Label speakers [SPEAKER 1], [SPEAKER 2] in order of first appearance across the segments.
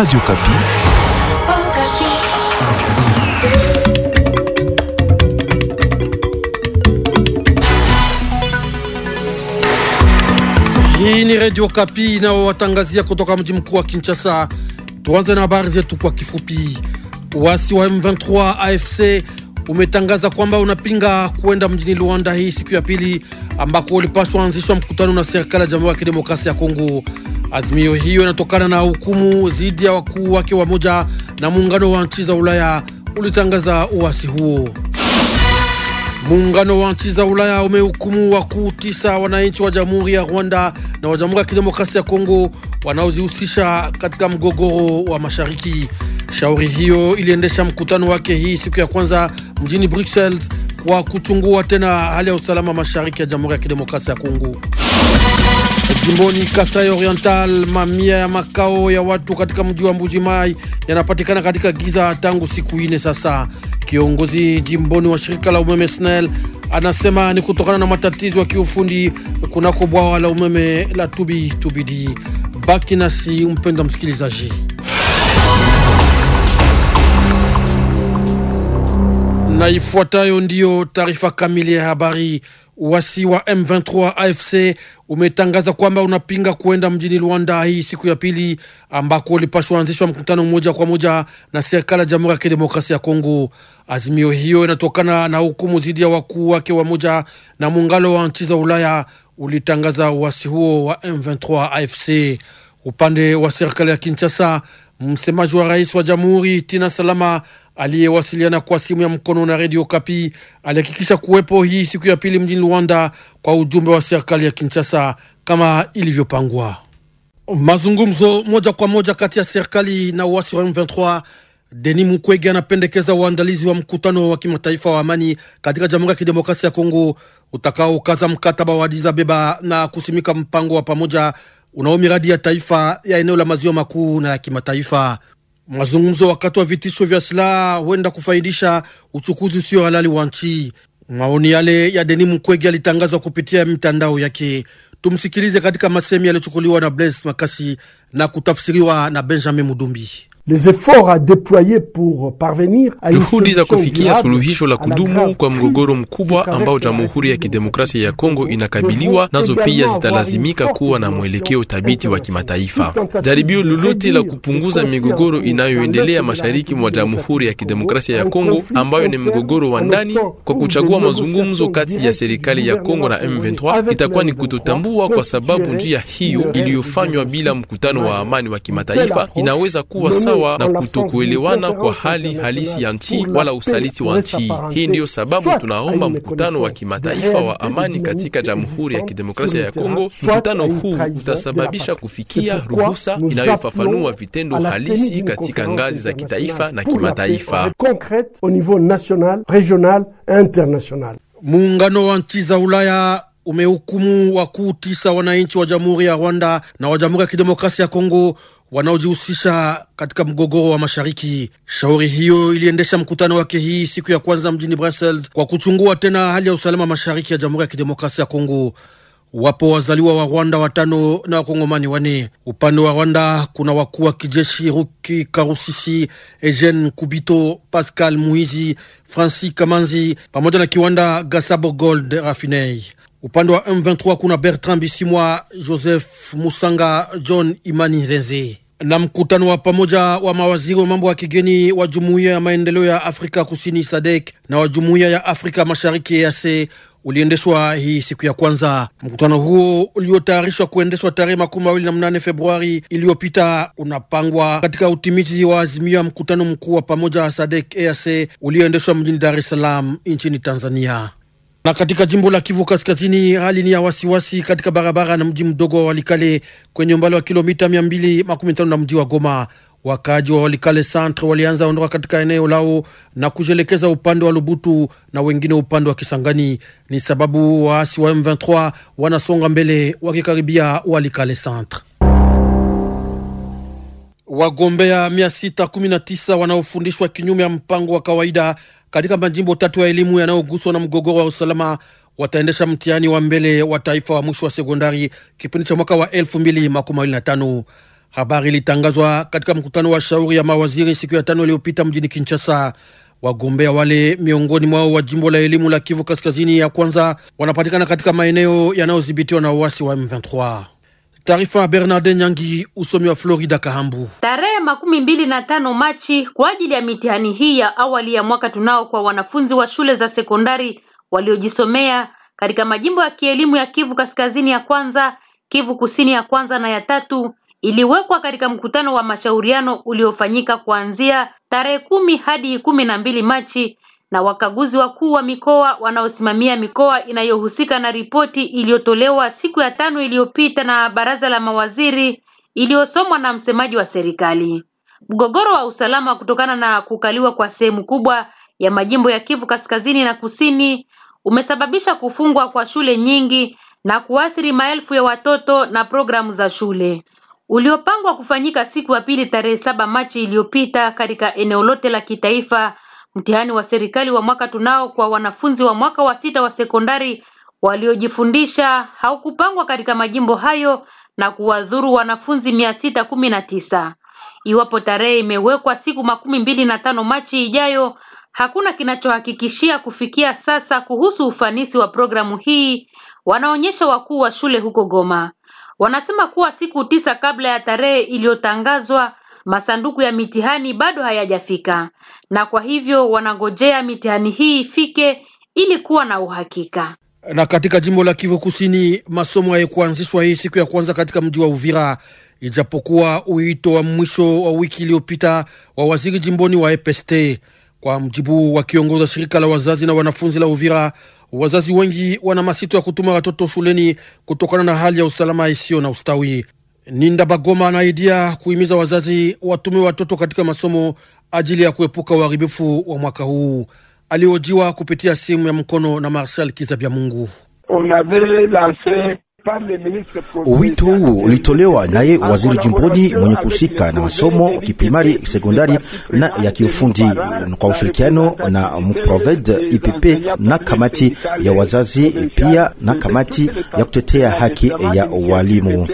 [SPEAKER 1] Radio Kapi.
[SPEAKER 2] Hii ni Radio Kapi watangazia kutoka mji mkuu wa Kinshasa. Tuanze na habari zetu kwa kifupi. Uasi wa M23 AFC umetangaza kwamba unapinga kuenda mjini Luanda hii siku ya pili ambako ulipaswa anzishwa mkutano na serikali ya Jamhuri ya Kidemokrasia ya Kongo. Azimio hiyo inatokana na hukumu dhidi ya wakuu wake wa moja na muungano wa nchi za Ulaya ulitangaza uasi huo. Muungano wa nchi za Ulaya umehukumu wakuu tisa wananchi wa Jamhuri ya Rwanda na wa Jamhuri ya Kidemokrasia ya Kongo wanaozihusisha katika mgogoro wa mashariki. Shauri hiyo iliendesha mkutano wake hii siku ya kwanza mjini Brussels kwa kuchungua tena hali ya usalama mashariki ya Jamhuri ya Kidemokrasia ya Kongo. Jimboni Kasai Oriental, mamia ya makao ya watu katika mji wa Mbujimai yanapatikana katika giza tangu siku ine sasa. Kiongozi jimboni wa shirika la umeme SNEL anasema ni kutokana na matatizo ya kiufundi kunako bwawa la umeme la Tubi Tubidi. Baki nasi mpenda msikilizaji. Na ifuatayo ndiyo taarifa kamili ya habari. Uasi wa M23 AFC umetangaza kwamba unapinga kuenda mjini Luanda hii siku ya pili ambako ulipashwa anzishwa mkutano mmoja kwa moja na serikali ya Jamhuri ya Kidemokrasia ya Kongo. Azimio hiyo inatokana na hukumu dhidi ya wakuu wake wamoja na muungano wa nchi za Ulaya ulitangaza uasi huo wa M23 AFC. Upande wa serikali ya Kinshasa, msemaji wa rais wa jamhuri Tina Salama aliyewasiliana kwa simu ya mkono na redio Kapi alihakikisha kuwepo hii siku ya pili mjini Luanda kwa ujumbe wa serikali ya Kinshasa kama ilivyopangwa. Mazungumzo moja kwa moja kati ya serikali na uasi wa M23. Denis Mukwege anapendekeza uandalizi wa mkutano wa kimataifa wa amani katika Jamhuri ya Kidemokrasia ya Kongo utakaokaza mkataba wa Addis Ababa na kusimika mpango wa pamoja unao miradi ya taifa ya eneo la maziwa makuu na ya kimataifa. Mazungumzo wakati wa vitisho vya silaha huenda kufaidisha uchukuzi usio halali wa nchi. Maoni yale ya Denis Mukwege yalitangazwa kupitia mitandao yake. Tumsikilize katika masemi yaliyochukuliwa na Blaise Makasi na kutafsiriwa na Benjamin Mudumbi juhudi za kufikia suluhisho la kudumu
[SPEAKER 3] kwa mgogoro mkubwa ambao Jamhuri ya Kidemokrasia ya Kongo inakabiliwa nazo pia zitalazimika kuwa na mwelekeo thabiti wa kimataifa. Jaribio lolote la kupunguza migogoro inayoendelea mashariki mwa Jamhuri ya Kidemokrasia ya Kongo, ambayo ni mgogoro wa ndani, kwa kuchagua mazungumzo kati ya serikali ya Kongo na M23 itakuwa ni kutotambua, kwa sababu njia hiyo iliyofanywa bila mkutano wa amani wa kimataifa inaweza kuwa sawa usawa na kutokuelewana kwa hali halisi ya nchi wala usaliti wa nchi. Hii ndiyo sababu tunaomba mkutano wa kimataifa wa amani katika Jamhuri ya Kidemokrasia ya Kongo. Mkutano huu utasababisha kufikia ruhusa inayofafanua vitendo halisi katika ngazi za kitaifa na kimataifa.
[SPEAKER 2] Muungano wa nchi za Ulaya umehukumu wakuu tisa wananchi wa Jamhuri ya Rwanda na wa Jamhuri ya Kidemokrasia ya Kongo wanaojihusisha katika mgogoro wa mashariki. Shauri hiyo iliendesha mkutano wake hii siku ya kwanza mjini Brussels kwa kuchungua tena hali ya usalama mashariki ya Jamhuri ya Kidemokrasia ya Kongo. Wapo wazaliwa wa Rwanda watano na wakongomani wane. Upande wa Rwanda kuna wakuu wa kijeshi Ruki Karusisi, Eugene Kubito, Pascal muizi Francis Kamanzi pamoja na kiwanda Gasabo Gold Rafinei. Upande wa M23 kuna Bertrand Bisimwa, Joseph Musanga, John Imani Nzenze na mkutano wa pamoja wa mawaziri wa mambo ya kigeni wa Jumuiya ya Maendeleo ya Afrika Kusini SADC na wa Jumuiya ya Afrika Mashariki EAC uliendeshwa hii siku ya kwanza. Mkutano huo uliotayarishwa kuendeshwa tarehe makumi mawili na mnane Februari iliyopita unapangwa katika utimizi wa azimio ya mkutano mkuu wa pamoja wa SADC EAC ulioendeshwa mjini Dar es Salaam nchini Tanzania. Na katika jimbo la Kivu Kaskazini, hali ni ya wasiwasi wasi katika barabara na mji mdogo wa Walikale kwenye umbali wa kilomita 250 na mji wa Goma. Wakaaji wa Walikale centre walianza ondoka katika eneo lao na kujielekeza upande wa Lubutu na wengine upande wa Kisangani. Ni sababu waasi wa M23 wanasonga mbele wakikaribia Walikale centre. Wagombea 619 wanaofundishwa kinyume ya mpango wa kawaida katika majimbo tatu ya elimu yanayoguswa na mgogoro wa usalama wataendesha mtihani wa mbele wa taifa wa mwisho wa sekondari kipindi cha mwaka wa 2025. Habari ilitangazwa katika mkutano wa shauri ya mawaziri siku ya tano iliyopita mjini Kinshasa. Wagombea wale miongoni mwao wa jimbo la elimu la Kivu Kaskazini ya kwanza wanapatikana katika maeneo yanayodhibitiwa na uasi wa M23. Taarifa Bernarde Nyangi, usomi wa Florida
[SPEAKER 4] Kahambu. Tarehe makumi mbili na tano Machi kwa ajili ya mitihani hii ya awali ya mwaka tunao kwa wanafunzi wa shule za sekondari waliojisomea katika majimbo ya kielimu ya Kivu Kaskazini ya kwanza, Kivu Kusini ya kwanza na ya tatu iliwekwa katika mkutano wa mashauriano uliofanyika kuanzia tarehe kumi hadi kumi na mbili Machi na wakaguzi wakuu wa mikoa wanaosimamia mikoa inayohusika na ripoti iliyotolewa siku ya tano iliyopita na baraza la mawaziri iliyosomwa na msemaji wa serikali. Mgogoro wa usalama kutokana na kukaliwa kwa sehemu kubwa ya majimbo ya Kivu Kaskazini na Kusini umesababisha kufungwa kwa shule nyingi na kuathiri maelfu ya watoto na programu za shule. Uliopangwa kufanyika siku ya pili tarehe saba Machi iliyopita katika eneo lote la kitaifa Mtihani wa serikali wa mwaka tunao kwa wanafunzi wa mwaka wa sita wa sekondari waliojifundisha haukupangwa katika majimbo hayo na kuwadhuru wanafunzi mia sita kumi na tisa. Iwapo tarehe imewekwa siku makumi mbili na tano Machi ijayo, hakuna kinachohakikishia kufikia sasa kuhusu ufanisi wa programu hii, wanaonyesha wakuu wa shule huko Goma. Wanasema kuwa siku tisa kabla ya tarehe iliyotangazwa, masanduku ya mitihani bado hayajafika na kwa hivyo wanangojea mitihani hii ifike ili kuwa na uhakika.
[SPEAKER 2] Na katika jimbo la Kivu Kusini, masomo hayakuanzishwa hii siku ya kwanza katika mji wa Uvira, ijapokuwa uito wa mwisho wa wiki iliyopita wa waziri jimboni wa EPST. Kwa mjibu wa kiongoza shirika la wazazi na wanafunzi la Uvira, wazazi wengi wana masito ya kutuma watoto shuleni kutokana na hali ya usalama isiyo na ustawi. Ninda Bagoma anaidia kuhimiza wazazi watume watoto katika masomo ajili ya kuepuka uharibifu wa mwaka huu. aliojiwa kupitia simu ya mkono na Marshal Kizabya Mungu.
[SPEAKER 1] Wito huu ulitolewa naye waziri jimboni mwenye kuhusika na masomo kiprimari, sekondari na ya kiufundi kwa ushirikiano na Mproved IPP na kamati ya wazazi pia na kamati ya kutetea haki ya walimu.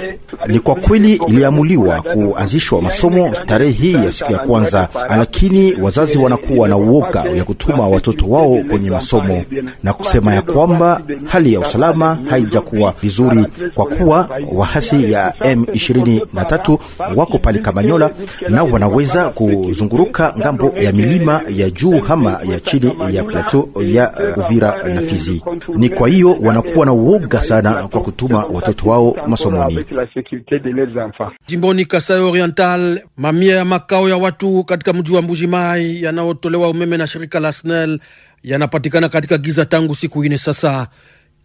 [SPEAKER 1] Ni kwa kweli iliamuliwa kuanzishwa masomo tarehe hii ya siku ya kwanza, lakini wazazi wanakuwa na uoga ya kutuma watoto wao kwenye masomo na kusema ya kwamba hali ya usalama haijakuwa vizuri magharibi, kwa kuwa wahasi ya M23 wako pale Kamanyola na wanaweza kuzunguruka ngambo ya milima ya juu hama ya chini ya plateau ya uh, Uvira na Fizi. Ni kwa hiyo wanakuwa na uoga sana
[SPEAKER 2] kwa kutuma watoto wao masomoni. Jimboni Kasai Oriental, mamia ya makao ya watu katika mji wa Mbujimai yanayotolewa umeme na shirika la SNEL yanapatikana katika giza tangu siku ine sasa.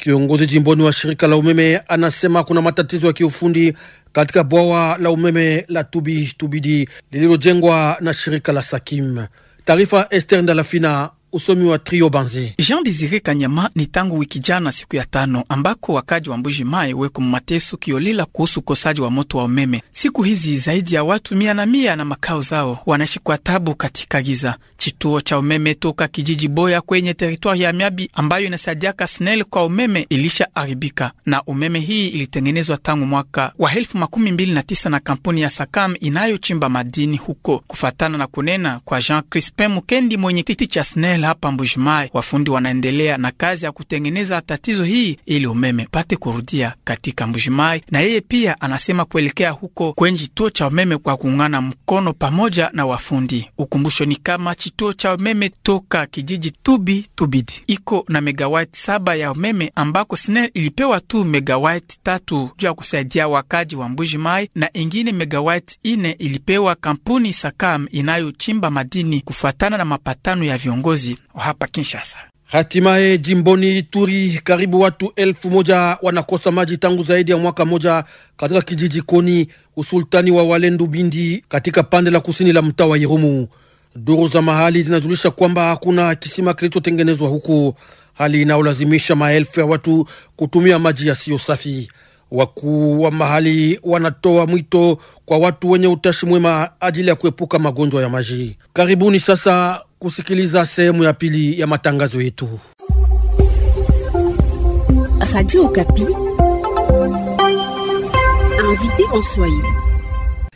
[SPEAKER 2] Kiongozi jimboni wa shirika la umeme anasema kuna matatizo ya kiufundi katika bwawa la umeme la Tubi Tubidi lililojengwa na shirika la Sakim. Taarifa Esther Ndalafina usomi wa Trio Banze. Jean Desire Kanyama ni tangu wiki jana siku ya tano ambako wakaji wa
[SPEAKER 5] Mbuji Mai weko mateso kiolela kuhusu ukosaji wa moto wa umeme. Siku hizi zaidi ya watu mia na mia na makao zao wanaishi kwa tabu katika giza. Chituo cha umeme toka kijiji Boya kwenye teritwari ya Miabi ambayo inasadiaka SNEL kwa umeme ilisha aribika na umeme hii ilitengenezwa tangu mwaka wa elfu makumi mbili na tisa na kampuni ya Sakam inayochimba madini huko, kufatana na kunena kwa Jean Crispin Mukendi, mwenyekiti cha SNEL. Ismail hapa mbujimai wafundi wanaendelea na kazi ya kutengeneza tatizo hii ili umeme pate kurudia katika mbujimai Na yeye pia anasema kuelekea huko kwenye kituo cha umeme kwa kuungana mkono pamoja na wafundi. Ukumbusho ni kama kituo cha umeme toka kijiji Tubi Tubidi iko na megawati saba ya umeme ambako SNEL ilipewa tu megawati tatu juu ya kusaidia wakaji wa mbujimai na ingine megawati ine ilipewa kampuni Sakam inayochimba madini kufuatana na mapatano ya viongozi uchaguzi
[SPEAKER 2] hapa Kinshasa. Hatimaye jimboni Ituri, karibu watu elfu moja wanakosa maji tangu zaidi ya mwaka moja katika kijiji Koni, usultani wa Walendu Bindi, katika pande la kusini la mtaa wa Irumu. Duru za mahali zinajulisha kwamba hakuna kisima kilichotengenezwa huku, hali inayolazimisha maelfu ya watu kutumia maji yasiyo safi. Wakuu wa mahali wanatoa mwito kwa watu wenye utashi mwema ajili ya kuepuka magonjwa ya maji. Karibuni sasa kusikiliza sehemu ya pili ya matangazo yetu.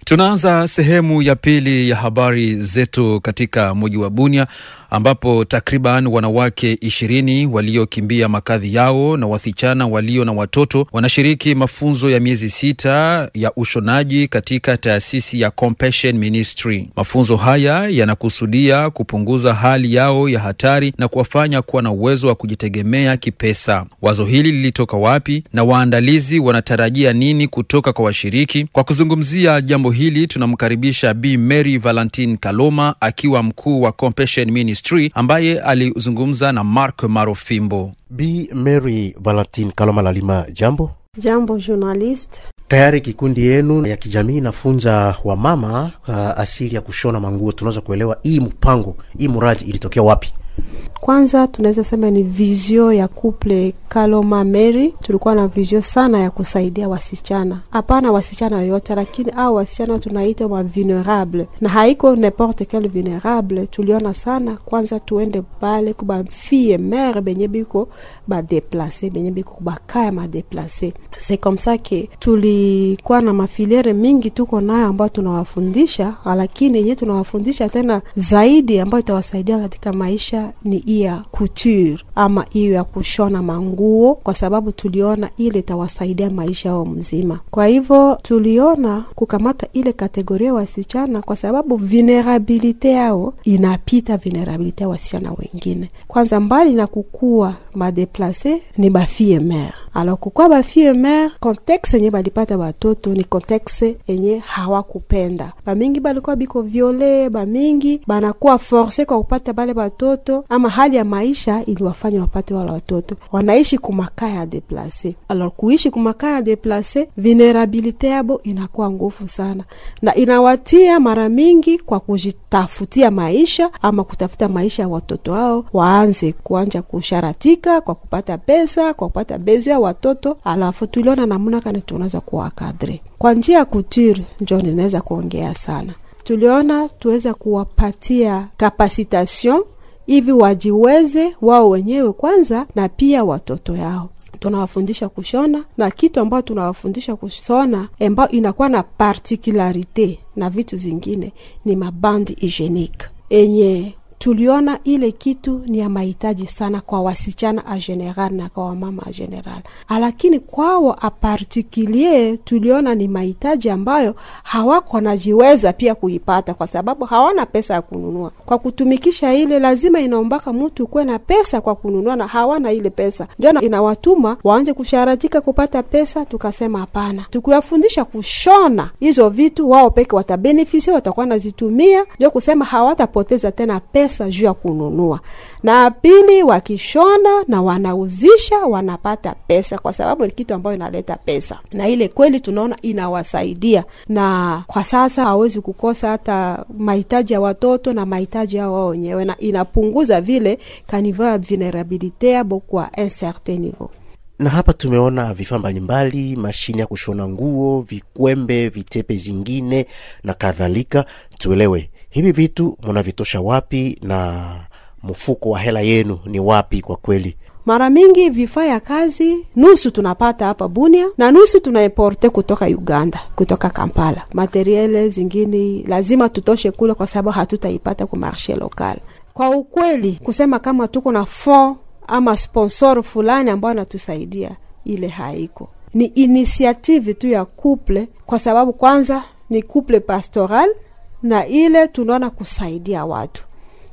[SPEAKER 2] Tunaanza
[SPEAKER 6] sehemu ya pili ya habari zetu katika mji wa Bunia ambapo takriban wanawake ishirini waliokimbia makazi yao na wasichana walio na watoto wanashiriki mafunzo ya miezi sita ya ushonaji katika taasisi ya Compassion Ministry. Mafunzo haya yanakusudia kupunguza hali yao ya hatari na kuwafanya kuwa na uwezo wa kujitegemea kipesa. Wazo hili lilitoka wapi na waandalizi wanatarajia nini kutoka kwa washiriki? Kwa kuzungumzia jambo hili tunamkaribisha Bi Mary Valentine Kaloma akiwa mkuu wa Compassion Ministry Ministry ambaye alizungumza na Mark Marofimbo.
[SPEAKER 1] b Mary Valentin Kaloma jambo.
[SPEAKER 7] Jambo journalist.
[SPEAKER 1] Tayari kikundi yenu ya kijamii inafunza mama uh, asili ya kushona manguo. Tunaweza kuelewa hii mpango, hii mradi ilitokea wapi?
[SPEAKER 7] Kwanza tunaweza sema ni vizio ya kuple Kaloma Mary, tulikuwa na vizio sana ya kusaidia wasichana, hapana wasichana yoyote, lakini au wasichana tunaita wa vulnerable, na haiko neporte quel vulnerable. Tuliona sana kwanza, tuende pale kubafie mere benye biko badeplase, benye biko kubakaya madeplase. C'est comme ça ke tulikuwa na mafiliere mingi tuko nayo ambayo tunawafundisha, lakini yenye tunawafundisha tena zaidi ambayo itawasaidia katika maisha ni ni ya couture ama hiyo ya kushona manguo, kwa sababu tuliona ile itawasaidia maisha yao mzima. Kwa hivyo tuliona kukamata ile kategoria ya wasichana, kwa sababu vulnerabilite yao inapita vulnerabilite ya wasichana wengine. Kwanza mbali na kukua madeplase ni bafie mer alors kukua bafie mer kontekste enye balipata batoto ni kontekste enye hawakupenda, bamingi balikuwa biko viole, bamingi banakuwa forse kwa kupata bale batoto watoto ama hali ya maisha iliwafanya wapate wala watoto wanaishi kumakaa ya deplase. Alors kuishi kumakaa ya deplase, vulnerabilite yabo inakuwa nguvu sana, na inawatia mara mingi kwa kujitafutia maisha ama kutafuta maisha ya watoto wao waanze kuanja kusharatika kwa kupata pesa, kwa kupata bezo ya watoto. Alafu tuliona namna kana tunaweza kuwakadre kwa njia ya couture, njo ninaweza kuongea sana tuliona tuweza kuwapatia kapasitation hivi wajiweze wao wenyewe kwanza na pia watoto yao tunawafundisha kushona na kitu ambayo tunawafundisha kushona ambayo inakuwa na particularite na vitu zingine ni mabandi hygienique enye tuliona ile kitu ni ya mahitaji sana kwa wasichana a general na kwa wamama a general, lakini kwao apartikulie tuliona ni mahitaji ambayo hawako najiweza pia kuipata, kwa sababu hawana pesa ya kununua. Kwa kutumikisha ile, lazima inaombaka mtu kuwe na pesa kwa kununua, na hawana ile pesa, ndio inawatuma waanje kusharatika kupata pesa. Tukasema hapana, tukiwafundisha kushona hizo vitu, wao peke watabenefisia, watakuwa nazitumia, ndio kusema hawatapoteza tena pesa pesa juu ya kununua, na pili wakishona na wanauzisha wanapata pesa, kwa sababu ni kitu ambayo inaleta pesa, na ile kweli tunaona inawasaidia, na kwa sasa hawezi kukosa hata mahitaji ya watoto na mahitaji yao wao wenyewe, na inapunguza vile kaniveau ya vulnerabilite abo kwa un certain niveau
[SPEAKER 1] na hapa tumeona vifaa mbalimbali, mashine ya kushona nguo, vikwembe, vitepe zingine na kadhalika. Tuelewe hivi vitu mnavitosha wapi na mfuko wa hela yenu ni wapi? Kwa kweli
[SPEAKER 7] mara mingi vifaa ya kazi nusu tunapata hapa Bunia na nusu tunaimporte kutoka Uganda, kutoka Kampala. Materiele zingine lazima tutoshe kule, kwa sababu hatutaipata ku marshe lokal. Kwa ukweli kusema kama tuko na fond ama sponsor fulani ambayo anatusaidia, ile haiko. Ni inisiative tu ya couple, kwa sababu kwanza ni couple pastoral na ile tunaona kusaidia watu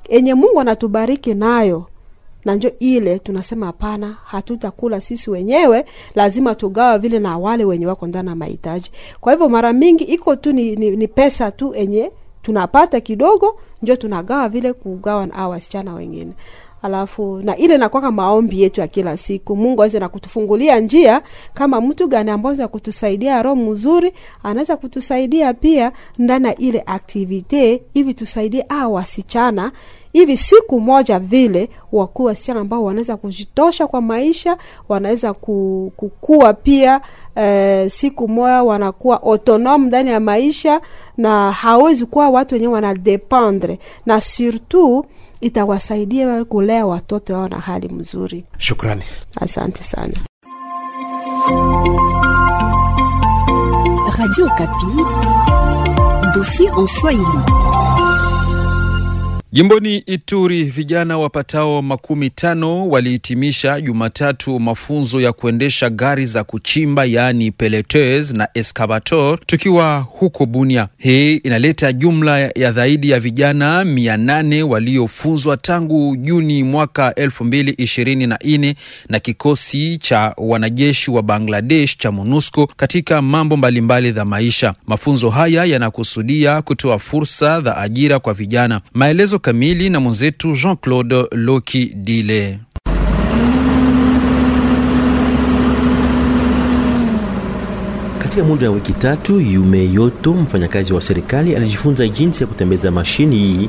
[SPEAKER 7] enye Mungu anatubariki nayo na njo ile tunasema hapana, hatutakula sisi wenyewe, lazima tugawa vile na wale wenye wako ndani ya mahitaji. Kwa hivyo mara mingi iko tu ni, ni, ni pesa tu enye tunapata kidogo, njo tunagawa vile kugawa na wasichana wengine alafu na ile nakwaka maombi yetu ya kila siku, Mungu aweze na kutufungulia njia, kama mtu gani ambao za kutusaidia roho mzuri, anaweza kutusaidia pia ndani ya ile aktivite, hivi tusaidie aa wasichana hivi siku moja vile wakuu wasichana ambao wanaweza kujitosha kwa maisha, wanaweza kukua pia e, siku moja wanakuwa autonome ndani ya maisha, na hawezi kuwa watu wenyewe wanadependre na surtout itawasaidia kulea watoto wao na hali mzuri. Shukrani, asante sana. Radio Kapi, dofi en Swahili.
[SPEAKER 6] Jimboni Ituri, vijana wapatao makumi tano walihitimisha Jumatatu mafunzo ya kuendesha gari za kuchimba yaani peleteus na escavator tukiwa huko Bunia. Hii inaleta jumla ya zaidi ya vijana mia nane waliofunzwa tangu Juni mwaka elfu mbili ishirini na nne na kikosi cha wanajeshi wa Bangladesh cha MONUSCO katika mambo mbalimbali za maisha. Mafunzo haya yanakusudia kutoa fursa za ajira kwa vijana. Maelezo kamili na mwenzetu Jean-Claude loki dile
[SPEAKER 1] Katika muda wa wiki tatu, Yume Yoto, mfanyakazi wa serikali, alijifunza jinsi ya kutembeza mashini hii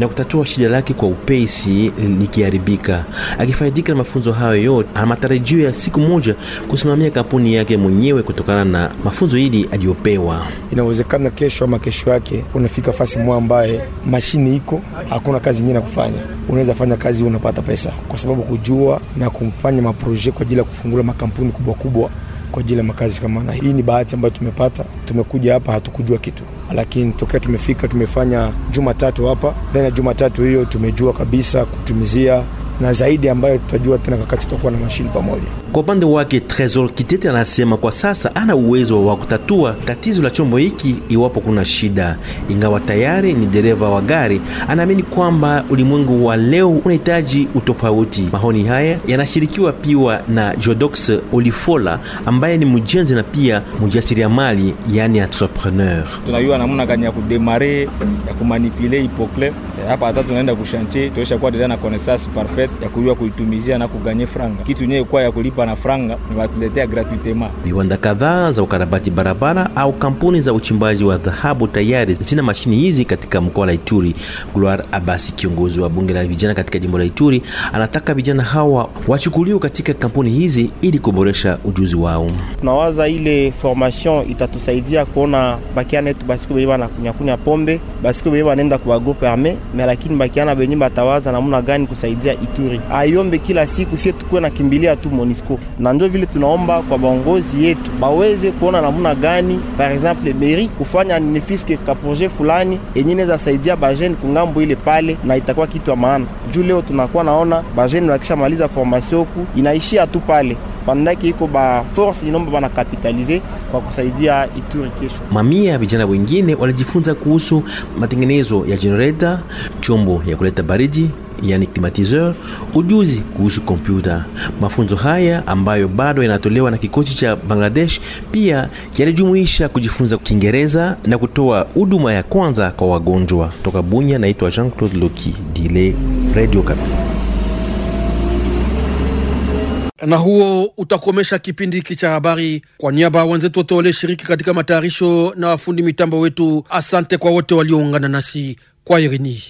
[SPEAKER 1] na kutatua shida lake kwa upesi likiharibika. Akifaidika na mafunzo hayo yote, ana matarajio ya siku moja kusimamia kampuni yake mwenyewe kutokana na mafunzo hili aliyopewa.
[SPEAKER 5] Inawezekana kesho ama kesho yake unafika fasi mwa ambaye mashini iko, hakuna kazi nyingine ya kufanya, unaweza fanya kazi, unapata pesa, kwa sababu kujua na kufanya maproje kwa ajili ya kufungula makampuni kubwa kubwa kwa ajili ya makazi kama na hii. Ni bahati ambayo tumepata, tumekuja hapa hatukujua kitu, lakini tokea tumefika tumefanya Jumatatu hapa, ndani ya Jumatatu hiyo tumejua kabisa kutumizia na zaidi ambayo tutajua tena wakati tutakuwa na mashini pamoja.
[SPEAKER 1] Kwa upande wake, Tresor Kitete anasema kwa sasa ana uwezo wa kutatua tatizo la chombo hiki iwapo kuna shida. Ingawa tayari ni dereva wa gari, anaamini kwamba ulimwengu wa leo unahitaji utofauti. Mahoni haya yanashirikiwa piwa na Jodox Olifola ambaye ni mjenzi na pia mjasiriamali, yani entrepreneur. Tunajua namna gani ya kudemare ya kumanipule ipokle Eh, hapa hata tunaenda kushanche tosha kwa deja na connaissance parfaite ya kujua kuitumizia na kuganye franga kitu nyewe kwa ya kulipa na franga watuletea gratuitement. Viwanda kadhaa za ukarabati barabara au kampuni za uchimbaji wa dhahabu tayari zina mashini hizi katika mkoa la Ituri. Gloire Abasi, kiongozi wa bunge la vijana katika jimbo la Ituri, anataka vijana hawa wachukuliwe katika kampuni hizi ili kuboresha ujuzi wao. Tunawaza ile formation itatusaidia kuona bakianetu basiku beiba na kunyakunya pombe basiku beiba nenda kuwagope ame me lakini bakiana benye batawaza namuna gani kusaidia Ituri. ayombe kila siku sie tukuwe na kimbilia tu Monisco, na ndio vile tunaomba kwa baongozi yetu baweze kuona namuna gani par exemple meri kufanya nefiske ka projet fulani yenye inaweza saidia bajene kungambo ile pale, na itakuwa kitu ya maana juu leo tunakuwa naona bajeni wakishamaliza formation ku inaishia tu pale, pandaki iko ba force inomba bana kapitaliser kwa kusaidia Ituri kesho. Mamia ya vijana wengine walijifunza kuhusu matengenezo ya jenereta, chombo ya kuleta baridi yani climatiseur, ujuzi kuhusu kompyuta. Mafunzo haya ambayo bado yanatolewa na kikosi cha Bangladesh pia yalijumuisha kujifunza Kiingereza na kutoa huduma ya kwanza kwa wagonjwa. Toka Bunya, naitwa Jean-Claude Loki Dile, Radio Kapi
[SPEAKER 2] na huo utakomesha kipindi hiki cha habari. Kwa niaba ya wenzetu wote walioshiriki katika matayarisho na wafundi mitambo wetu, asante kwa wote walioungana nasi kwa Irini.